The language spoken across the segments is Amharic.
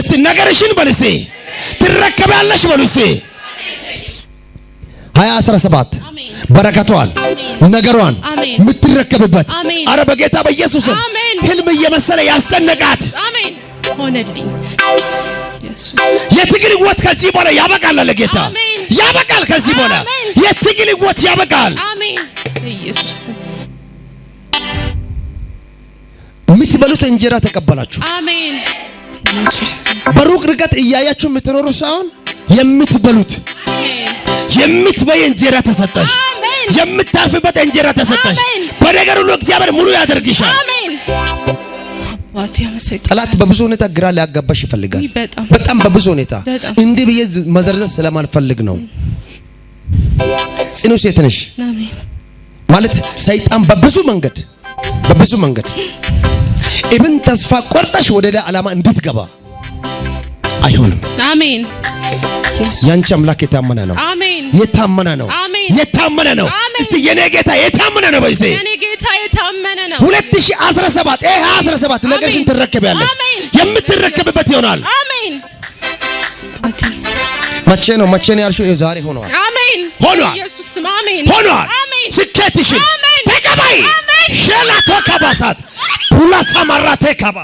እስቲ ነገርሽን በልሴ ትረከባለሽ በልሴ 2017 በረከቷን ነገሯን የምትረከብበት አረ በጌታ በኢየሱስ ህልም እየመሰለ ያስጨነቃት የትግል ህይወት ከዚህ በኋላ ያበቃል አለ ጌታ። ያበቃል። ከዚህ በኋላ የትግል ህይወት ያበቃል። የምትበሉት እንጀራ ተቀበላችሁ። በሩቅ ርቀት እያያችሁ የምትኖሩ ሳይሆን የምትበሉት የምትበይ እንጀራ ተሰጠሽ። የምታርፍበት እንጀራ ተሰጠሽ። በነገር ሁሉ እግዚአብሔር ሙሉ ያደርግሻል። ጠላት በብዙ ሁኔታ ግራ ሊያጋባሽ ይፈልጋል። በጣም በብዙ ሁኔታ እንዲህ ብዬ መዘርዘር ስለማልፈልግ ነው። ጽኑ ሴት ነሽ ማለት ሰይጣን በብዙ መንገድ በብዙ መንገድ ኢብን ተስፋ ቆርጠሽ ወደ ዳ ዓላማ እንድትገባ አይሆንም። አሜን። ያንቺ አምላክ የታመነ ነው። አሜን። የታመነ ነው። የታመነ ነው። እስቲ የኔ ጌታ የታመነ ነው በይሴ የኔ ጌታ የታመነ ነው። 2017 ይሄ 2017 ነገርሽን ትረከቢያለሽ። የምትረከብበት ይሆናል። አሜን። መቼ ነው መቼ ነው ያልሽው? ዛሬ ሆኗል። አሜን። ሆኗል። ኢየሱስ አሜን። ሆኗል። ስኬትሽን ተቀበይ። ሸላቶ ከባሳት ቱላ ሳማራ ተካባ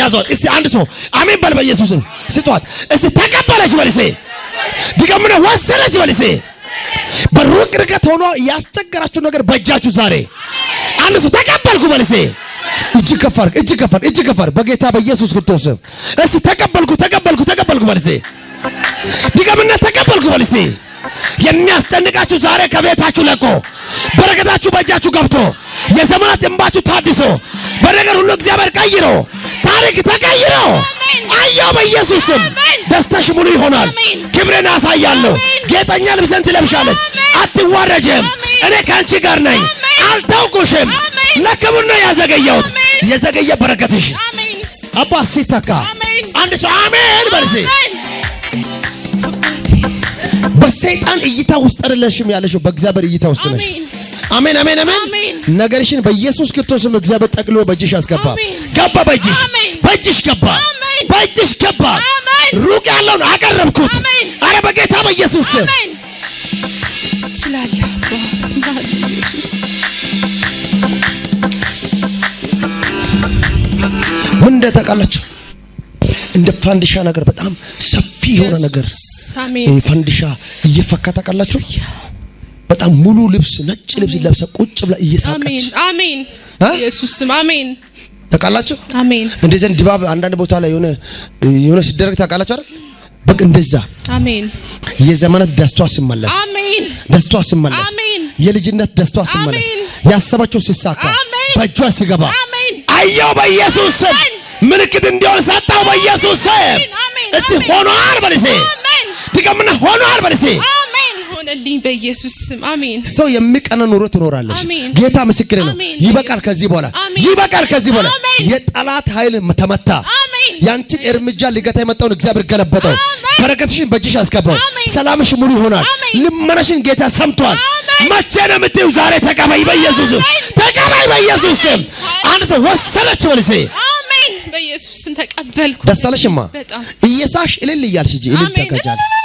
ያዘው። እስቲ አንድ ሰው አሜን በል። በኢየሱስ ስጧት። እስቲ ተቀበለች በልሴ ድገምነ ወሰነች በልሴ በሩቅ ርቀት ሆኖ ያስቸገራችሁ ነገር በእጃችሁ ዛሬ አንድ ሰው ተቀበልኩ በልሴ እጅ ከፈር እጅ ከፈር እጅ ከፈር በጌታ በኢየሱስ ክርስቶስ እስቲ ተቀበልኩ ተቀበልኩ ተቀበልኩ በልሴ ድገምነ ተቀበልኩ በልሴ የሚያስጨንቃችሁ ዛሬ ከቤታችሁ ለቆ በረከታችሁ በእጃችሁ ገብቶ የዘመናት እንባችሁ ታድሶ በነገር ሁሉ እግዚአብሔር ቀይሮ ታሪክ ተቀይሮ አየው። በኢየሱስም ደስታሽ ሙሉ ይሆናል። ክብሬን አሳያለሁ። ጌጠኛ ልብሰን ትለብሻለች። አትዋረጅም እኔ ከአንቺ ጋር ነኝ። አልታውቁሽም። ለክቡር ነው ያዘገየሁት። የዘገየ በረከትሽ አባ ሲተካ አንድ ሰው አሜን በልሴ በሰይጣን እይታ ውስጥ አይደለሽም ያለሽው፣ በእግዚአብሔር እይታ ውስጥ ነሽ። አሜን፣ አሜን፣ አሜን። ነገርሽን በኢየሱስ ክርስቶስም እግዚአብሔር ጠቅሎ በእጅሽ አስገባ። ገባ፣ በእጅሽ በእጅሽ ገባ፣ በእጅሽ ገባ። ሩቅ ያለውን አቀረብኩት። አረ በጌታ በኢየሱስ ስም ትችላለህ። ምን እንደታውቃላችሁ እንደ ፋንዲሻ ነገር በጣም ሰፊ የሆነ ነገር ፋንዲሻ እየፈካ ታውቃላችሁ። በጣም ሙሉ ልብስ ነጭ ልብስ ለብሰ ቁጭ ብላ እየሳቀች አሜን፣ ኢየሱስ ስም አሜን። ታውቃላችሁ፣ አሜን። እንደዚህ ድባብ አንዳንድ ቦታ ላይ የሆነ የሆነ ሲደረግ ታውቃላችሁ አይደል? በቃ እንደዛ አሜን። የዘመናት ደስቷ ሲመለስ አሜን፣ ደስቷ ሲመለስ አሜን፣ የልጅነት ደስቷ ሲመለስ ያሰባቸው ሲሳካ በእጇ ሲገባ አየው በኢየሱስ ስም ምልክት እንዲሆን ሰጣው በኢየሱስ ስም። እስቲ ሆኗል በልሴ ድገምና ሆኗል በልሴ ሆነልኝ በኢየሱስ ስም አሜን። ሰው የሚቀነ ኑሮ ትኖራለች። ጌታ ምስክር ነው። ይበቃል፣ ከዚህ በኋላ ይበቃል። ከዚህ በኋላ የጠላት ኃይል ተመታ። ያንቺን እርምጃ ሊገታ የመጣውን እግዚአብሔር ገለበጠው። በረከትሽን በእጅሽ አስገባው። ሰላምሽ ሙሉ ይሆናል። ልመናሽን ጌታ ሰምቷል። መቼ ነው የምትይው? ዛሬ ተቀበይ፣ በኢየሱስ ስም ተቀበይ፣ በኢየሱስ ስም አንድ ሰው ወሰነች መልሴ አሜን። በኢየሱስ ስም ተቀበልኩ። ደስ አለሽማ። እየሳሽ እልል እያልሽ እንጂ እልል ተቀጃለሽ